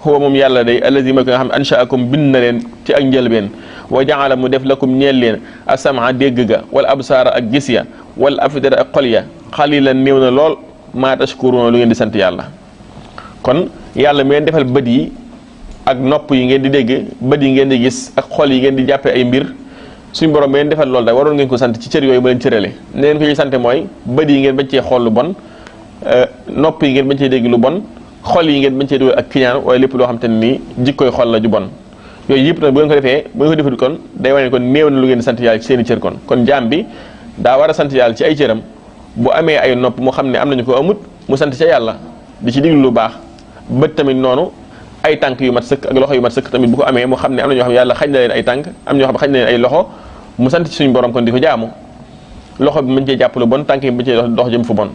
huwa moom yàlla day allazi ma ki nga xam ne anshaakum bind na leen ci ak njëlbeen wa jaala mu def la lakum ñeel leen asamaa dégg ga wala absaara ak gis ya wala afidara ak xol ya xalilan néew na lool maa tashkuruuna lu ngeen di sant yàlla kon yàlla mu defal bët yi ak nopp yi ngeen di dégg bët yi ngeen di gis ak xol yi ngeen di jàppe ay mbir suñu borom ngeen defal loolu da waroon ngeen ko sant ci cër yooyu ma leen cërale ne ngeen ko sante mooy bët yi ngeen bañ cee xool lu bon euh, nopp yi ngeen bañ cee dégg lu bon xol yi ngeen bañ cee dugal ak kiñaan waaye lépp loo xam te ne nii jikkoy xol la ju bon yooyu yëpp nag bu ngeen ko defee bu ngeen ko defee kon day wane kon néew na lu ngeen sant yàlla ci seen i cër kon kon jaam bi daa war a sant yàlla ci ay cëram bu amee ay nopp mu xam ne am nañu ko amut mu sant ca yàlla di ci diglu lu baax bët tamit noonu ay tànk yu mat sëkk ak loxo yu mat sëkk tamit bu ko amee mu xam ne am na ñoo xam yàlla xañ na leen ay tànk am ñoo xam xañ na leen ay loxo mu sant ci suñu borom kon di ko jaamu loxo bi mën cee jàpp lu bon tànk yi mën cee dox jëm fu bon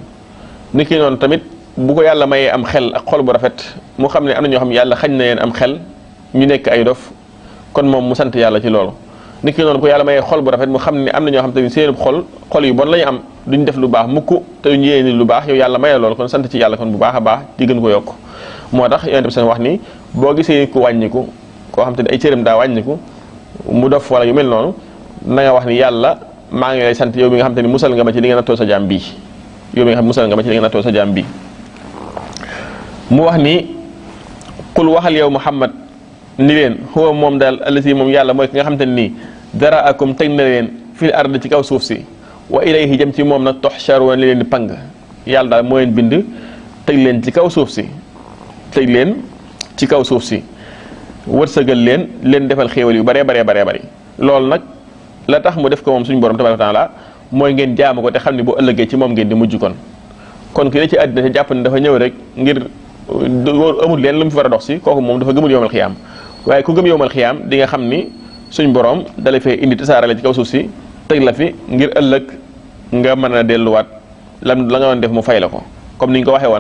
niki noonu tamit bu ko yalla maye am xel ak xol bu rafet mu xam ne am na ñoo xam yalla xagn na yeen am xel ñu nekk ay dof kon mom mu sant yalla ci lool niki non ko yalla maye xol bu rafet mu xam am na ñoo xam tamit seen xol xol yu bon la am duñ def lu baax mukk te ñu yéene lu baax yow yalla maye lool kon sant ci yalla kon bu baaxa baax di gën ko yok motax yeen yonent seen wax ni bo gisee ku wañiku ko xam te ay cëram da wañiku mu dof wala yu mel non na nga wax ni yalla ma ngi lay sant yow bi nga xam musal nga ma ci li nga natto sa jambi yow bi nga xam musal nga ma ci li nga natto sa jambi mu wax nii qul waxal yow muhammad ni leen huwa moom daal allasi moom yàlla mooy ki nga xamante ne nii dara akum teg na leen fil ard ci kaw suuf si wa ilayhi jëm ci moom nag tuhsharuun li leen di pang yàlla daal moo leen bind teg leen ci kaw suuf si teg leen ci kaw suuf si wërsëgal leen leen defal xéewal yu bare bare bare bëri loolu nag la tax mu def ko moom suñu borom tabaaraka wa taala mooy ngeen jaamu ko te xam ni boo ëllëgee ci moom ngeen di mujj kon kon ci àddina te jàpp ne dafa ñëw rek ngir amul leen lu mu fi war a dox si kooku moom dafa gëmul yowmal xiyaam waaye ku gëm yowmal xiyaam di nga xam ni suñ borom dala fee indi tasaare la ci kaw suuf si teg la fi ngir ëllëg nga mën a delluwaat la la nga doon def mu fay la ko comme ni ñu ko waxe woon